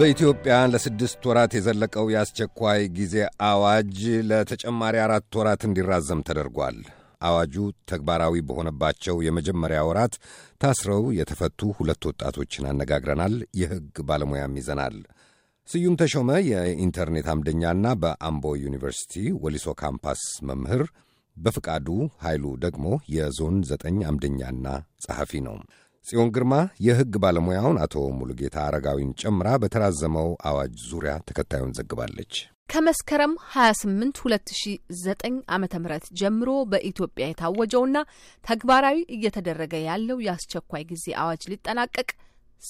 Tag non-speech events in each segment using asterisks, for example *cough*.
በኢትዮጵያ ለስድስት ወራት የዘለቀው የአስቸኳይ ጊዜ አዋጅ ለተጨማሪ አራት ወራት እንዲራዘም ተደርጓል። አዋጁ ተግባራዊ በሆነባቸው የመጀመሪያ ወራት ታስረው የተፈቱ ሁለት ወጣቶችን አነጋግረናል። የሕግ ባለሙያም ይዘናል። ስዩም ተሾመ የኢንተርኔት አምደኛና በአምቦ ዩኒቨርሲቲ ወሊሶ ካምፓስ መምህር፣ በፍቃዱ ኃይሉ ደግሞ የዞን ዘጠኝ አምደኛና ጸሐፊ ነው። ጽዮን ግርማ የሕግ ባለሙያውን አቶ ሙሉጌታ አረጋዊን ጨምራ በተራዘመው አዋጅ ዙሪያ ተከታዩን ዘግባለች። ከመስከረም 28 2009 ዓ ም ጀምሮ በኢትዮጵያ የታወጀውና ተግባራዊ እየተደረገ ያለው የአስቸኳይ ጊዜ አዋጅ ሊጠናቀቅ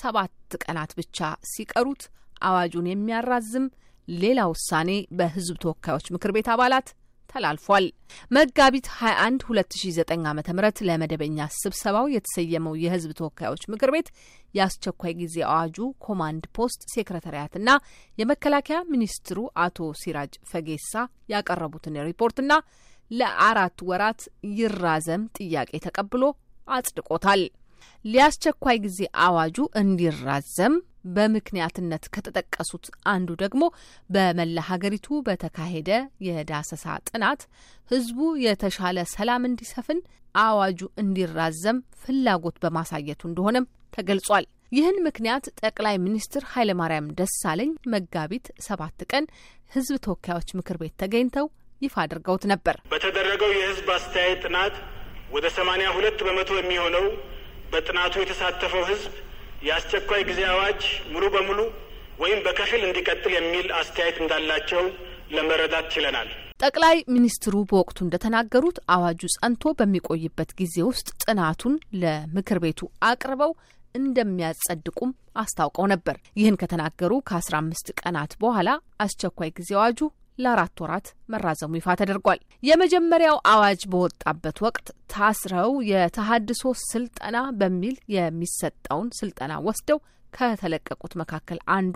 ሰባት ቀናት ብቻ ሲቀሩት አዋጁን የሚያራዝም ሌላ ውሳኔ በህዝብ ተወካዮች ምክር ቤት አባላት ተላልፏል። መጋቢት 21 2009 ዓ ም ለመደበኛ ስብሰባው የተሰየመው የህዝብ ተወካዮች ምክር ቤት የአስቸኳይ ጊዜ አዋጁ ኮማንድ ፖስት ሴክረታሪያትና የመከላከያ ሚኒስትሩ አቶ ሲራጅ ፈጌሳ ያቀረቡትን ሪፖርትና ለአራት ወራት ይራዘም ጥያቄ ተቀብሎ አጽድቆታል። ሊያስቸኳይ ጊዜ አዋጁ እንዲራዘም በምክንያትነት ከተጠቀሱት አንዱ ደግሞ በመላ ሀገሪቱ በተካሄደ የዳሰሳ ጥናት ህዝቡ የተሻለ ሰላም እንዲሰፍን አዋጁ እንዲራዘም ፍላጎት በማሳየቱ እንደሆነም ተገልጿል። ይህን ምክንያት ጠቅላይ ሚኒስትር ኃይለማርያም ደሳለኝ መጋቢት ሰባት ቀን ህዝብ ተወካዮች ምክር ቤት ተገኝተው ይፋ አድርገውት ነበር። በተደረገው የህዝብ አስተያየት ጥናት ወደ ሰማንያ ሁለት በመቶ የሚሆነው በጥናቱ የተሳተፈው ህዝብ የአስቸኳይ ጊዜ አዋጅ ሙሉ በሙሉ ወይም በከፊል እንዲቀጥል የሚል አስተያየት እንዳላቸው ለመረዳት ችለናል። ጠቅላይ ሚኒስትሩ በወቅቱ እንደተናገሩት አዋጁ ጸንቶ በሚቆይበት ጊዜ ውስጥ ጥናቱን ለምክር ቤቱ አቅርበው እንደሚያጸድቁም አስታውቀው ነበር። ይህን ከተናገሩ ከ አስራ አምስት ቀናት በኋላ አስቸኳይ ጊዜ አዋጁ ለአራት ወራት መራዘሙ ይፋ ተደርጓል። የመጀመሪያው አዋጅ በወጣበት ወቅት ታስረው የተሃድሶ ስልጠና በሚል የሚሰጠውን ስልጠና ወስደው ከተለቀቁት መካከል አንዱ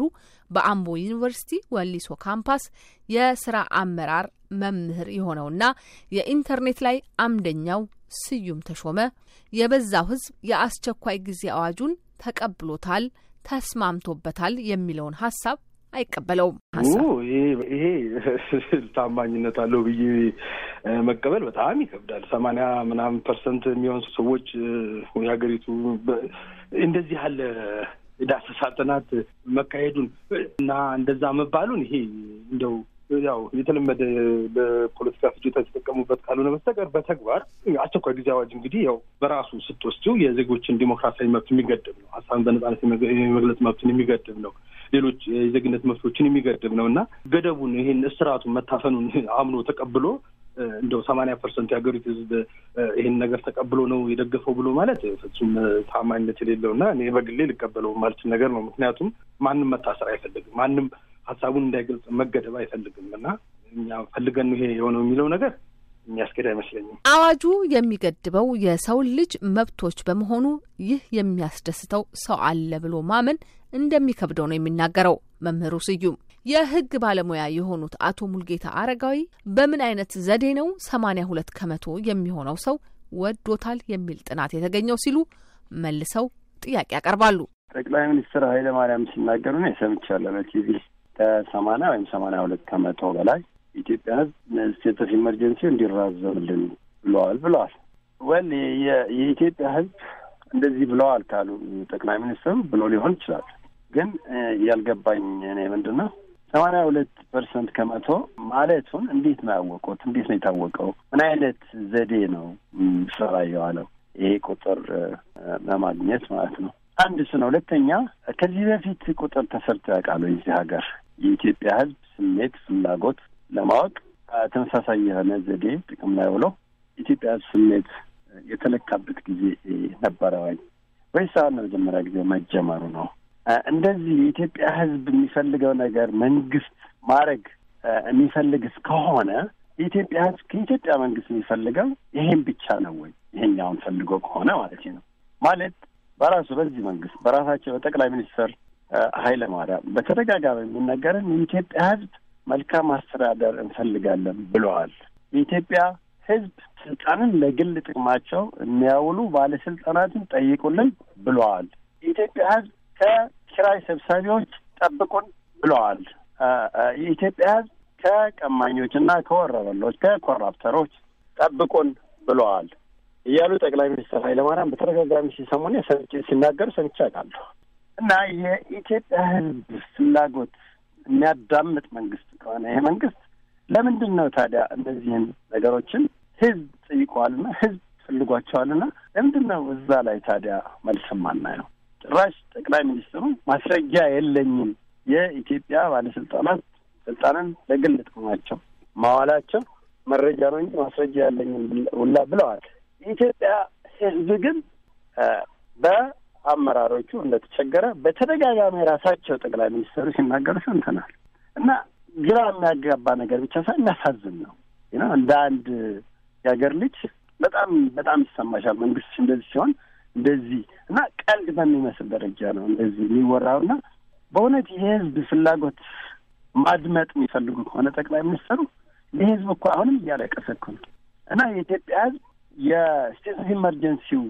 በአምቦ ዩኒቨርሲቲ ወሊሶ ካምፓስ የስራ አመራር መምህር የሆነውና የኢንተርኔት ላይ አምደኛው ስዩም ተሾመ የበዛው ሕዝብ የአስቸኳይ ጊዜ አዋጁን ተቀብሎታል፣ ተስማምቶበታል የሚለውን ሀሳብ አይቀበለውም። ይሄ *laughs* ታማኝነት አለው ብዬ መቀበል በጣም ይከብዳል። ሰማንያ ምናምን ፐርሰንት የሚሆን ሰዎች የሀገሪቱ እንደዚህ ያለ ዳሰሳ ጥናት መካሄዱን እና እንደዛ መባሉን ይሄ እንደው ያው የተለመደ በፖለቲካ ፍጆታ የተጠቀሙበት ካልሆነ በስተቀር በተግባር አስቸኳይ ጊዜ አዋጅ እንግዲህ ያው በራሱ ስትወስድው የዜጎችን ዲሞክራሲያዊ መብት የሚገድብ ነው። ሀሳብን በነጻነት የመግለጽ መብትን የሚገድብ ነው። ሌሎች የዜግነት መብቶችን የሚገድብ ነው እና ገደቡን ይህን እስራቱን መታፈኑን አምኖ ተቀብሎ እንደው ሰማንያ ፐርሰንት የሀገሪቱ ህዝብ ይህን ነገር ተቀብሎ ነው የደገፈው ብሎ ማለት ፍጹም ታማኝነት የሌለው እና እኔ በግሌ ልቀበለው ማለትን ነገር ነው። ምክንያቱም ማንም መታሰር አይፈልግም። ማንም ሀሳቡን እንዳይገልጽ መገደብ አይፈልግም እና እኛ ፈልገን ይሄ የሆነው የሚለው ነገር የሚያስገድ አይመስለኝም። አዋጁ የሚገድበው የሰውን ልጅ መብቶች በመሆኑ ይህ የሚያስደስተው ሰው አለ ብሎ ማመን እንደሚከብደው ነው የሚናገረው መምህሩ ስዩም። የህግ ባለሙያ የሆኑት አቶ ሙልጌታ አረጋዊ በምን አይነት ዘዴ ነው ሰማኒያ ሁለት ከመቶ የሚሆነው ሰው ወዶታል የሚል ጥናት የተገኘው ሲሉ መልሰው ጥያቄ ያቀርባሉ። ጠቅላይ ሚኒስትር ኃይለማርያም ሲናገሩ ነው የሰምቻለሁ በቲቪ ከሰማንያ ወይም ሰማንያ ሁለት ከመቶ በላይ ኢትዮጵያ ህዝብ ስቴት ኦፍ ኢመርጀንሲ እንዲራዘምልን ብለዋል ብለዋል ወል የኢትዮጵያ ህዝብ እንደዚህ ብለዋል ካሉ ጠቅላይ ሚኒስትሩ ብሎ ሊሆን ይችላል። ግን ያልገባኝ እኔ ምንድን ነው ሰማንያ ሁለት ፐርሰንት ከመቶ ማለቱን እንዴት ነው ያወቁት? እንዴት ነው የታወቀው? ምን አይነት ዘዴ ነው ስራ የዋለው ይሄ ቁጥር ለማግኘት ማለት ነው? አንድ ስ ነው። ሁለተኛ ከዚህ በፊት ቁጥር ተሰርቶ ያውቃሉ የዚህ ሀገር የኢትዮጵያ ሕዝብ ስሜት፣ ፍላጎት ለማወቅ ተመሳሳይ የሆነ ዘዴ ጥቅም ላይ ውሎ ኢትዮጵያ ሕዝብ ስሜት የተለካበት ጊዜ ነበረ ወይ ወይስ አሁን ለመጀመሪያ ጊዜ መጀመሩ ነው? እንደዚህ የኢትዮጵያ ሕዝብ የሚፈልገው ነገር መንግስት ማድረግ የሚፈልግ ከሆነ የኢትዮጵያ ሕዝብ ከኢትዮጵያ መንግስት የሚፈልገው ይሄን ብቻ ነው ወይ? ይሄኛውን ፈልጎ ከሆነ ማለት ነው ማለት በራሱ በዚህ መንግስት በራሳቸው በጠቅላይ ሚኒስትር ኃይለ ማርያም በተደጋጋሚ የሚነገርን የኢትዮጵያ ሕዝብ መልካም አስተዳደር እንፈልጋለን ብለዋል። የኢትዮጵያ ሕዝብ ስልጣንን ለግል ጥቅማቸው የሚያውሉ ባለስልጣናትን ጠይቁልን ብለዋል። የኢትዮጵያ ሕዝብ ከኪራይ ሰብሳቢዎች ጠብቁን ብለዋል። የኢትዮጵያ ሕዝብ ከቀማኞችና ከወረበሎች ከኮራፕተሮች ጠብቁን ብለዋል እያሉ ጠቅላይ ሚኒስትር ኃይለማርያም በተደጋጋሚ ሲሰሙን ሲናገሩ ሰምቼ አውቃለሁ። እና የኢትዮጵያ ሕዝብ ፍላጎት የሚያዳምጥ መንግስት ከሆነ ይሄ መንግስት ለምንድን ነው ታዲያ እነዚህን ነገሮችን ሕዝብ ህዝብ ሕዝብ ፈልጓቸዋልና ለምንድን ነው እዛ ላይ ታዲያ መልስ ማናየው? ጭራሽ ጠቅላይ ሚኒስትሩ ማስረጃ የለኝም የኢትዮጵያ ባለስልጣናት ስልጣንን ለግል ጥቅማቸው ማዋላቸው መረጃ ነው እንጂ ማስረጃ ያለኝም ውላ ብለዋል። የኢትዮጵያ ህዝብ ግን በ አመራሮቹ እንደተቸገረ በተደጋጋሚ ራሳቸው ጠቅላይ ሚኒስትሩ ሲናገሩ ሰምተናል እና ግራ የሚያጋባ ነገር ብቻ ሳይሆን የሚያሳዝን ነው። እንደ አንድ የሀገር ልጅ በጣም በጣም ይሰማሻል። መንግስት እንደዚህ ሲሆን እንደዚህ እና ቀልድ በሚመስል ደረጃ ነው እንደዚህ የሚወራው እና በእውነት የህዝብ ፍላጎት ማድመጥ የሚፈልጉ ከሆነ ጠቅላይ ሚኒስትሩ ለህዝብ እኮ አሁንም እያለቀሰ እኮ ነው እና የኢትዮጵያ ህዝብ የስቴት ኦፍ ኢመርጀንሲው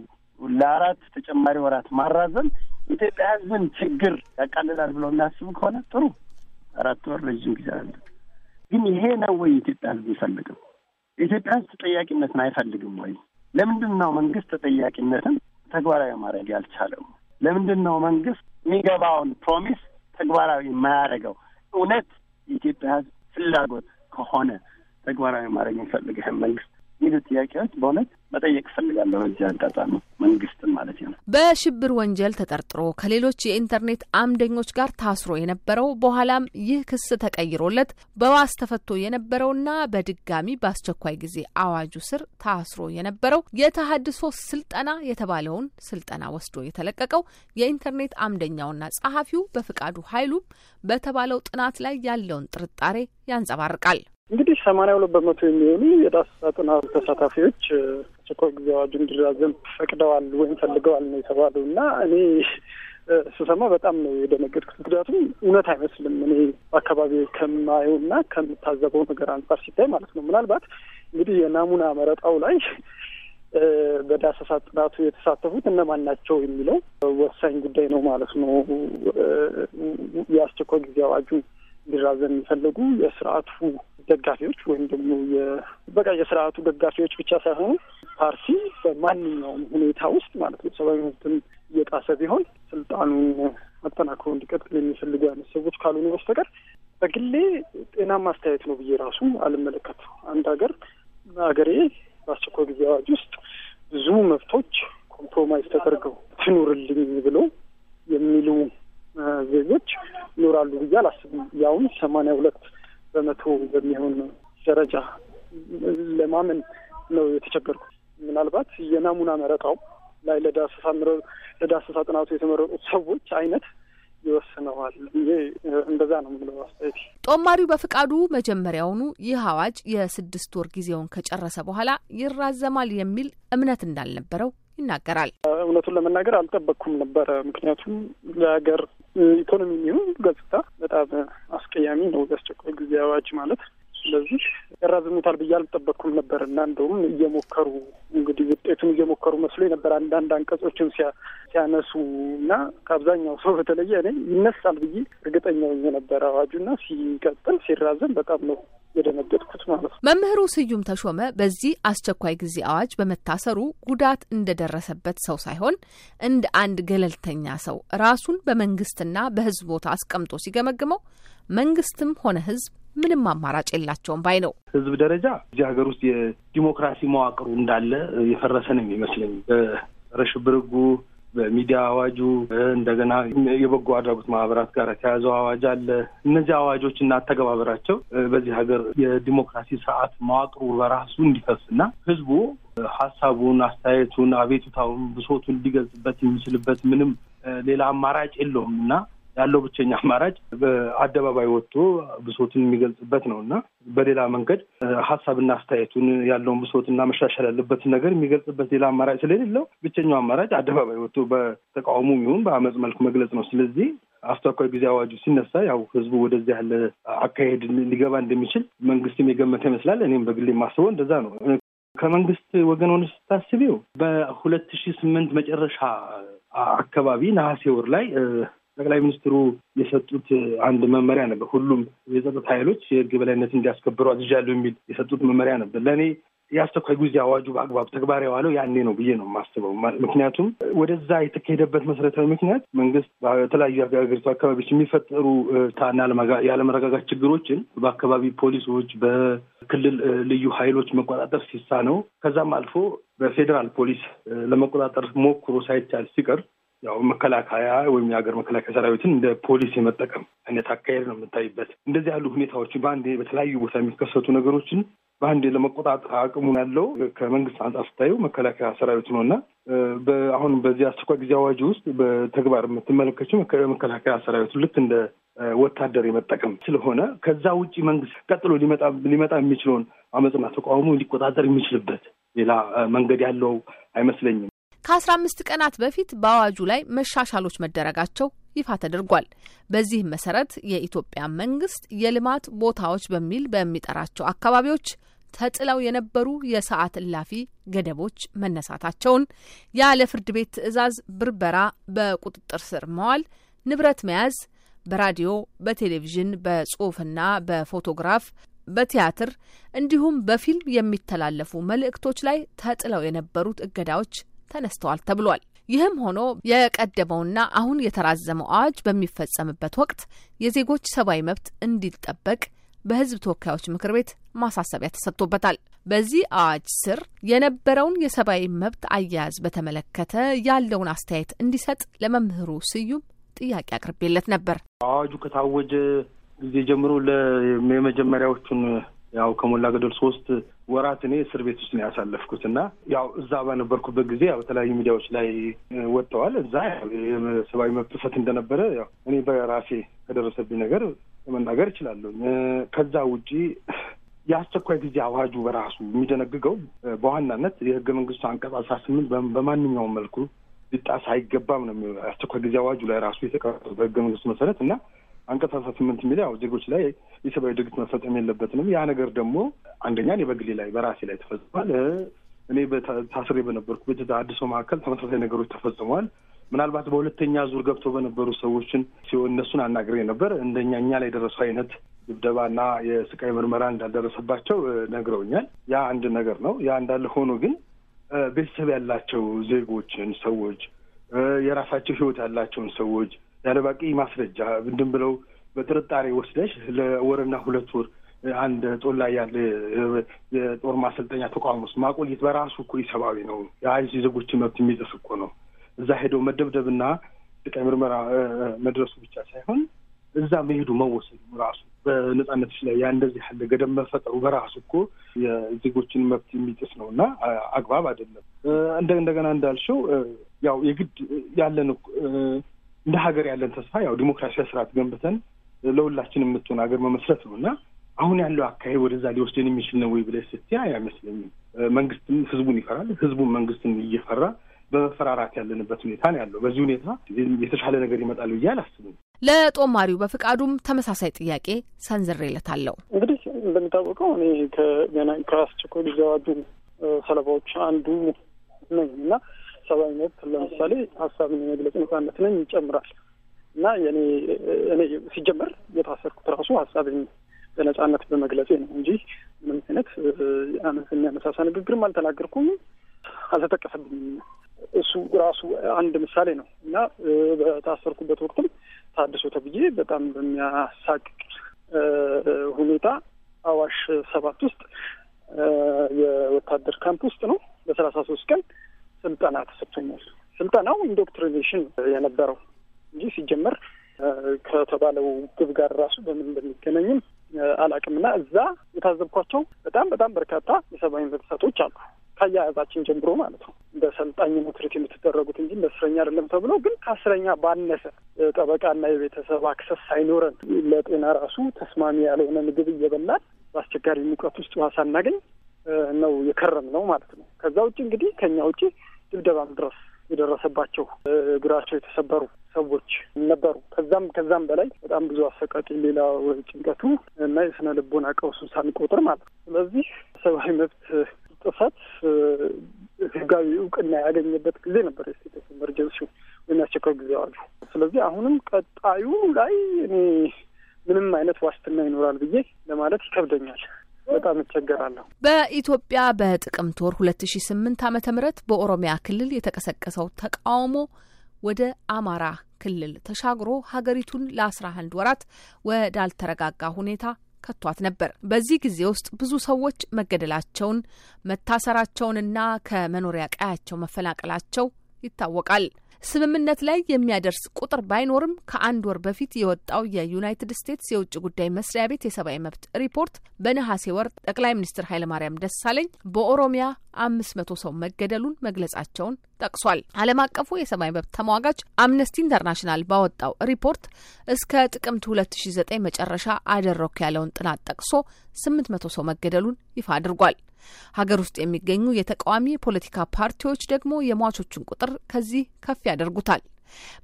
ለአራት ተጨማሪ ወራት ማራዘም ኢትዮጵያ ሕዝብን ችግር ያቃልላል ብለው የሚያስቡ ከሆነ ጥሩ፣ አራት ወር ረዥም ጊዜ አለ። ግን ይሄ ነው ወይ የኢትዮጵያ ሕዝብ ይፈልግም? የኢትዮጵያ ሕዝብ ተጠያቂነትን አይፈልግም ወይ? ለምንድን ነው መንግስት ተጠያቂነትን ተግባራዊ ማድረግ ያልቻለው? ለምንድን ነው መንግስት የሚገባውን ፕሮሚስ ተግባራዊ የማያደርገው? እውነት የኢትዮጵያ ሕዝብ ፍላጎት ከሆነ ተግባራዊ ማድረግ የሚፈልግ መንግስት የሚሉ ጥያቄዎች በእውነት መጠየቅ እፈልጋለሁ። በዚህ አጋጣሚ መንግስትን ማለት ነው። በሽብር ወንጀል ተጠርጥሮ ከሌሎች የኢንተርኔት አምደኞች ጋር ታስሮ የነበረው በኋላም ይህ ክስ ተቀይሮለት በዋስ ተፈቶ የነበረውና በድጋሚ በአስቸኳይ ጊዜ አዋጁ ስር ታስሮ የነበረው የተሀድሶ ስልጠና የተባለውን ስልጠና ወስዶ የተለቀቀው የኢንተርኔት አምደኛውና ጸሐፊው በፍቃዱ ኃይሉ በተባለው ጥናት ላይ ያለውን ጥርጣሬ ያንጸባርቃል። እንግዲህ ሰማንያ ሁለት በመቶ የሚሆኑ የዳሰሳ ጥናቱ ተሳታፊዎች አስቸኳይ ጊዜ አዋጁ እንዲራዘም ፈቅደዋል ወይም ፈልገዋል ነው የተባሉ እና እኔ ስሰማ በጣም ነው የደነገጥኩት። ምክንያቱም እውነት አይመስልም። እኔ በአካባቢ ከማየው እና ከምታዘበው ነገር አንጻር ሲታይ ማለት ነው። ምናልባት እንግዲህ የናሙና መረጣው ላይ በዳሰሳ ጥናቱ የተሳተፉት እነማን ናቸው የሚለው ወሳኝ ጉዳይ ነው ማለት ነው። የአስቸኳይ ጊዜ አዋጁ እንዲራዘም የሚፈልጉ የስርዓቱ ደጋፊዎች ወይም ደግሞ በቃ የስርዓቱ ደጋፊዎች ብቻ ሳይሆኑ ፓርቲ በማንኛውም ሁኔታ ውስጥ ማለት ነው ሰብአዊ መብትን እየጣሰ ቢሆን ስልጣኑን አጠናክሮ እንዲቀጥል የሚፈልጉ አይነት ሰዎች ካልሆኑ በስተቀር በግሌ ጤናማ አስተያየት ነው ብዬ ራሱ አልመለከት። አንድ ሀገር ሀገሬ በአስቸኳይ ጊዜ አዋጅ ውስጥ ብዙ መብቶች ኮምፕሮማይዝ ተደርገው ትኑርልኝ ብሎ የሚሉ ዜጎች ይኖራሉ ብዬ አላስብም። ያውን ሰማንያ ሁለት በመቶ በሚሆን ደረጃ ለማመን ነው የተቸገርኩት። ምናልባት የናሙና መረጣው ላይ ለዳሰሳ ጥናቱ የተመረጡት ሰዎች አይነት ይወስነዋል። እንደዛ ነው የምለው አስተያየት። ጦማሪው በፍቃዱ መጀመሪያውኑ ይህ አዋጅ የስድስት ወር ጊዜውን ከጨረሰ በኋላ ይራዘማል የሚል እምነት እንዳልነበረው ይናገራል። እውነቱን ለመናገር አልጠበቅኩም ነበረ። ምክንያቱም ለሀገር ኢኮኖሚ የሚሆን ገጽታ በጣም አስቀያሚ ነው የአስቸኳይ ጊዜ አዋጅ ማለት። ስለዚህ ያራዝሙታል ብዬ አልጠበቅኩም ነበር እና እንደውም እየሞከሩ እንግዲህ ውጤቱን እየሞከሩ መስሎ ነበር አንዳንድ አንቀጾችን ሲያነሱ እና ከአብዛኛው ሰው በተለየ እኔ ይነሳል ብዬ እርግጠኛ አዋጁ አዋጁና ሲቀጥል ሲራዘም በጣም ነው የደነገጥኩት ማለት ነው። መምህሩ ስዩም ተሾመ በዚህ አስቸኳይ ጊዜ አዋጅ በመታሰሩ ጉዳት እንደደረሰበት ሰው ሳይሆን እንደ አንድ ገለልተኛ ሰው ራሱን በመንግስትና በህዝብ ቦታ አስቀምጦ ሲገመግመው መንግስትም ሆነ ህዝብ ምንም አማራጭ የላቸውም ባይ ነው። ህዝብ ደረጃ እዚህ ሀገር ውስጥ የዲሞክራሲ መዋቅሩ እንዳለ የፈረሰ ነው የሚመስለኝ በጸረ ሽብር ህጉ በሚዲያ አዋጁ እንደገና የበጎ አድራጎት ማህበራት ጋር የተያዘው አዋጅ አለ። እነዚህ አዋጆች እና አተገባበራቸው በዚህ ሀገር የዲሞክራሲ ስርዓት መዋቅሩ በራሱ እንዲፈስና ህዝቡ ሀሳቡን፣ አስተያየቱን፣ አቤቱታውን፣ ብሶቱን ሊገልጽበት የሚችልበት ምንም ሌላ አማራጭ የለውም እና ያለው ብቸኛ አማራጭ በአደባባይ ወጥቶ ብሶትን የሚገልጽበት ነው እና በሌላ መንገድ ሀሳብና አስተያየቱን ያለውን ብሶትና መሻሻል ያለበትን ነገር የሚገልጽበት ሌላ አማራጭ ስለሌለው ብቸኛው አማራጭ አደባባይ ወጥቶ በተቃውሞ ይሁን በአመፅ መልክ መግለጽ ነው። ስለዚህ አስቸኳይ ጊዜ አዋጁ ሲነሳ ያው ህዝቡ ወደዚህ ያለ አካሄድ ሊገባ እንደሚችል መንግስትም የገመተ ይመስላል። እኔም በግሌ ማስበው እንደዛ ነው። ከመንግስት ወገን ሆነ ስታስቢው በሁለት ሺህ ስምንት መጨረሻ አካባቢ ነሐሴ ወር ላይ ጠቅላይ ሚኒስትሩ የሰጡት አንድ መመሪያ ነበር። ሁሉም የጸጥታ ኃይሎች የህግ በላይነት እንዲያስከብሩ አዝዣለሁ የሚል የሰጡት መመሪያ ነበር። ለእኔ የአስቸኳይ ጊዜ አዋጁ በአግባብ ተግባር የዋለው ያኔ ነው ብዬ ነው የማስበው። ምክንያቱም ወደዛ የተካሄደበት መሰረታዊ ምክንያት መንግስት በተለያዩ ሀገሪቱ አካባቢዎች የሚፈጠሩ የአለመረጋጋት ችግሮችን በአካባቢ ፖሊሶች፣ በክልል ልዩ ኃይሎች መቆጣጠር ሲሳ ነው። ከዛም አልፎ በፌዴራል ፖሊስ ለመቆጣጠር ሞክሮ ሳይቻል ሲቀር ያው መከላከያ ወይም የሀገር መከላከያ ሰራዊትን እንደ ፖሊስ የመጠቀም አይነት አካሄድ ነው የምታይበት። እንደዚህ ያሉ ሁኔታዎች በአንዴ በተለያዩ ቦታ የሚከሰቱ ነገሮችን በአንድ ለመቆጣጠር አቅሙ ያለው ከመንግስት አንጻር ስታየው መከላከያ ሰራዊት ነው እና አሁን በዚህ አስቸኳይ ጊዜ አዋጅ ውስጥ በተግባር የምትመለከችው መከላከያ ሰራዊቱ ልክ እንደ ወታደር የመጠቀም ስለሆነ ከዛ ውጭ መንግስት ቀጥሎ ሊመጣ የሚችለውን አመፅና ተቃውሞ ሊቆጣጠር የሚችልበት ሌላ መንገድ ያለው አይመስለኝም። ከ አምስት ቀናት በፊት በአዋጁ ላይ መሻሻሎች መደረጋቸው ይፋ ተደርጓል። በዚህም መሰረት የኢትዮጵያ መንግስት የልማት ቦታዎች በሚል በሚጠራቸው አካባቢዎች ተጥለው የነበሩ የሰዓት እላፊ ገደቦች መነሳታቸውን፣ ያለ ፍርድ ቤት ትዕዛዝ ብርበራ፣ በቁጥጥር ስር መዋል፣ ንብረት መያዝ፣ በራዲዮ፣ በቴሌቪዥን፣ በጽሁፍና በፎቶግራፍ በቲያትር እንዲሁም በፊልም የሚተላለፉ መልእክቶች ላይ ተጥለው የነበሩት እገዳዎች ተነስተዋል ተብሏል። ይህም ሆኖ የቀደመውና አሁን የተራዘመው አዋጅ በሚፈጸምበት ወቅት የዜጎች ሰብአዊ መብት እንዲጠበቅ በሕዝብ ተወካዮች ምክር ቤት ማሳሰቢያ ተሰጥቶበታል። በዚህ አዋጅ ስር የነበረውን የሰብአዊ መብት አያያዝ በተመለከተ ያለውን አስተያየት እንዲሰጥ ለመምህሩ ስዩም ጥያቄ አቅርቤለት ነበር። አዋጁ ከታወጀ ጊዜ ጀምሮ የመጀመሪያዎቹን ያው ከሞላ ገደል ሶስት ወራት እኔ እስር ቤት ውስጥ ነው ያሳለፍኩት እና ያው እዛ በነበርኩበት ጊዜ ያው በተለያዩ ሚዲያዎች ላይ ወጥተዋል። እዛ የሰብአዊ መብት ጥሰት እንደነበረ ያው እኔ በራሴ ከደረሰብኝ ነገር መናገር እችላለሁ። ከዛ ውጪ የአስቸኳይ ጊዜ አዋጁ በራሱ የሚደነግገው በዋናነት የህገ መንግስቱ አንቀጽ አስራ ስምንት በማንኛውም መልኩ ሊጣስ አይገባም ነው። አስቸኳይ ጊዜ አዋጁ ላይ ራሱ የተቀረጠው በህገ መንግስቱ መሰረት እና አንቀጽ አስራ ስምንት የሚለው ያው ዜጎች ላይ የሰብአዊ ድርጊት መፈጸም የለበትንም። ያ ነገር ደግሞ አንደኛ እኔ በግሌ ላይ በራሴ ላይ ተፈጽሟል። እኔ ታስሬ በነበርኩበት አድሶ መካከል ተመሳሳይ ነገሮች ተፈጽሟል። ምናልባት በሁለተኛ ዙር ገብተው በነበሩ ሰዎችን ሲሆን እነሱን አናግሬ ነበር። እንደኛ እኛ ላይ የደረሱ አይነት ድብደባና የስቃይ ምርመራ እንዳልደረሰባቸው ነግረውኛል። ያ አንድ ነገር ነው። ያ እንዳለ ሆኖ ግን ቤተሰብ ያላቸው ዜጎችን ሰዎች የራሳቸው ህይወት ያላቸውን ሰዎች ያለ በቂ ማስረጃ ምንድን ብለው በጥርጣሬ ወስደሽ ለወርና ሁለት ወር አንድ ጦር ላይ ያለ የጦር ማሰልጠኛ ተቋም ውስጥ ማቆየት በራሱ እኮ ኢሰብአዊ ነው። የአይሲ ዜጎችን መብት የሚጥስ እኮ ነው። እዛ ሄደው መደብደብና ቀ ምርመራ መድረሱ ብቻ ሳይሆን እዛ መሄዱ መወሰዱ ራሱ በነጻነቶች ላይ ያ እንደዚህ ያለ ገደብ መፈጠሩ በራሱ እኮ የዜጎችን መብት የሚጥስ ነው እና አግባብ አይደለም። እንደገና እንዳልሽው ያው የግድ ያለን እንደ ሀገር ያለን ተስፋ ያው ዲሞክራሲያዊ ስርዓት ገንብተን ለሁላችን የምትሆን ሀገር መመስረት ነው እና አሁን ያለው አካሄድ ወደዛ ሊወስደን የሚችል ነው ወይ ብለሽ ስትይ አይመስለኝም። መንግስትም ህዝቡን ይፈራል፣ ህዝቡን መንግስትም እየፈራ በመፈራራት ያለንበት ሁኔታ ነው ያለው። በዚህ ሁኔታ የተሻለ ነገር ይመጣል ብዬ አላስብም። ለጦማሪው በፍቃዱም ተመሳሳይ ጥያቄ ሰንዝሬለታለሁ። እንግዲህ እንደሚታወቀው እኔ ከአስቸኳይ ጊዜ አዋጁ ሰለባዎች አንዱ ነኝ እና ሰብአዊ መብት ለምሳሌ ሀሳብን የመግለጽ ነኝ ይጨምራል እና የኔ እኔ ሲጀመር የታሰርኩት ራሱ ሀሳብን በነጻነት በመግለጼ ነው እንጂ ምንም አይነት የሚያነሳሳ ንግግርም አልተናገርኩም፣ አልተጠቀሰብኝም። እሱ ራሱ አንድ ምሳሌ ነው እና በታሰርኩበት ወቅትም ታድሶ ተብዬ በጣም በሚያሳቅቅ ሁኔታ አዋሽ ሰባት ውስጥ የወታደር ካምፕ ውስጥ ነው በሰላሳ ሶስት ቀን ስልጠና ተሰጥቶኛል። ስልጠናው ኢንዶክትሪኔሽን የነበረው እንጂ ሲጀመር ከተባለው ግብ ጋር ራሱ በምን እንደሚገናኝም አላቅምና እዛ የታዘብኳቸው በጣም በጣም በርካታ የሰብአዊ መብቶች አሉ ከአያያዛችን ጀምሮ ማለት ነው። እንደ ሰልጣኝ ሪት የምትደረጉት እንጂ እንደ እስረኛ አይደለም ተብሎ ግን ከእስረኛ ባነሰ ጠበቃና የቤተሰብ አክሰስ ሳይኖረን ለጤና ራሱ ተስማሚ ያልሆነ ምግብ እየበላን በአስቸጋሪ ሙቀት ውስጥ ውሃ ሳናገኝ ነው የከረም ነው ማለት ነው። ከዛ ውጭ እንግዲህ ከኛ ውጭ ድብደባም ድረስ የደረሰባቸው እግራቸው የተሰበሩ ሰዎች ነበሩ። ከዛም ከዛም በላይ በጣም ብዙ አሰቃቂ ሌላ ጭንቀቱ እና የስነ ልቦና ቀውሱ ሳንቆጥር ማለት ነው። ስለዚህ ሰብአዊ መብት ጥሰት ህጋዊ እውቅና ያገኘበት ጊዜ ነበር የስቴት ኦፍ ኤመርጀንሲ ወይም ያስቸኳይ ጊዜ አዋጁ። ስለዚህ አሁንም ቀጣዩ ላይ እኔ ምንም አይነት ዋስትና ይኖራል ብዬ ለማለት ይከብደኛል። በጣም እቸገራለሁ። በኢትዮጵያ በጥቅምት ወር ሁለት ሺ ስምንት ዓመተ ምህረት በኦሮሚያ ክልል የተቀሰቀሰው ተቃውሞ ወደ አማራ ክልል ተሻግሮ ሀገሪቱን ለአስራ አንድ ወራት ወዳልተረጋጋ ሁኔታ ከቷት ነበር። በዚህ ጊዜ ውስጥ ብዙ ሰዎች መገደላቸውን መታሰራቸውንና ከመኖሪያ ቀያቸው መፈናቀላቸው ይታወቃል። ስምምነት ላይ የሚያደርስ ቁጥር ባይኖርም ከአንድ ወር በፊት የወጣው የዩናይትድ ስቴትስ የውጭ ጉዳይ መስሪያ ቤት የሰብአዊ መብት ሪፖርት በነሐሴ ወር ጠቅላይ ሚኒስትር ኃይለማርያም ደሳለኝ በኦሮሚያ አምስት መቶ ሰው መገደሉን መግለጻቸውን ጠቅሷል። ዓለም አቀፉ የሰብአዊ መብት ተሟጋች አምነስቲ ኢንተርናሽናል ባወጣው ሪፖርት እስከ ጥቅምት 2009 መጨረሻ አደረኩ ያለውን ጥናት ጠቅሶ 800 ሰው መገደሉን ይፋ አድርጓል። ሀገር ውስጥ የሚገኙ የተቃዋሚ የፖለቲካ ፓርቲዎች ደግሞ የሟቾቹን ቁጥር ከዚህ ከፍ ያደርጉታል።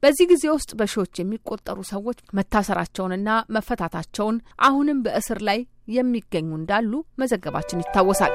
በዚህ ጊዜ ውስጥ በሺዎች የሚቆጠሩ ሰዎች መታሰራቸውንና መፈታታቸውን አሁንም በእስር ላይ የሚገኙ እንዳሉ መዘገባችን ይታወሳል።